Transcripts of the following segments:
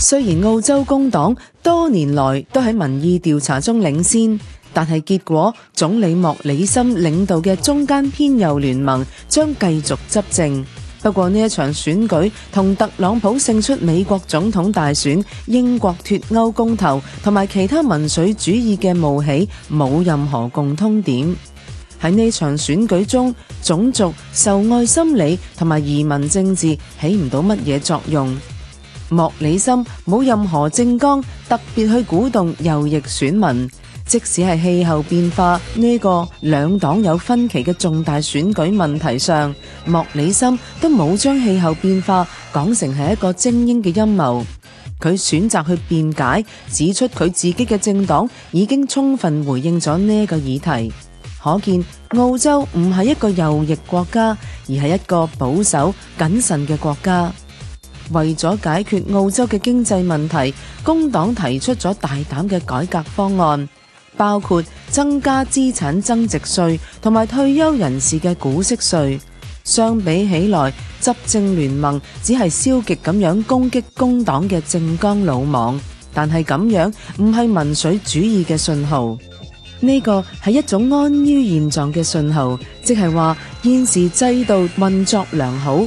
雖然澳洲工黨多年來都喺民意調查中領先，但係結果總理莫里森領導嘅中間偏右聯盟將繼續執政。不過呢一場選舉同特朗普勝出美國總統大選、英國脫歐公投同埋其他民粹主義嘅冒起冇任何共通點。喺呢場選舉中，種族仇外心理同埋移民政治起唔到乜嘢作用。莫里森冇任何政綱，特別去鼓動右翼選民。即使係氣候變化呢個兩黨有分歧嘅重大選舉問題上，莫里森都冇將氣候變化講成係一個精英嘅陰謀。佢選擇去辯解，指出佢自己嘅政黨已經充分回應咗呢個議題。可見澳洲唔係一個右翼國家，而係一個保守謹慎嘅國家。為咗解決澳洲嘅經濟問題,工黨提出咗大膽嘅改革方案,包括增加資產增值稅同埋退休人士嘅股息稅。相比起來,執政聯盟只係消極咁樣攻撃工黨嘅政綱魯莽,但係咁樣唔係民粹主義嘅信號。呢個係一種安於現狀嘅信號,即係話,現時制度,運作良好,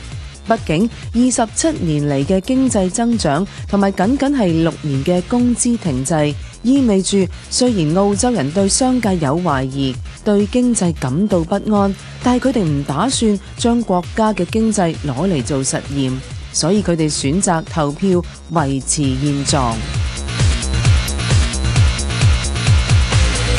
畢竟二十七年嚟嘅經濟增長，同埋僅僅係六年嘅工資停滯，意味住雖然澳洲人對商界有懷疑，對經濟感到不安，但係佢哋唔打算將國家嘅經濟攞嚟做實驗，所以佢哋選擇投票維持現狀。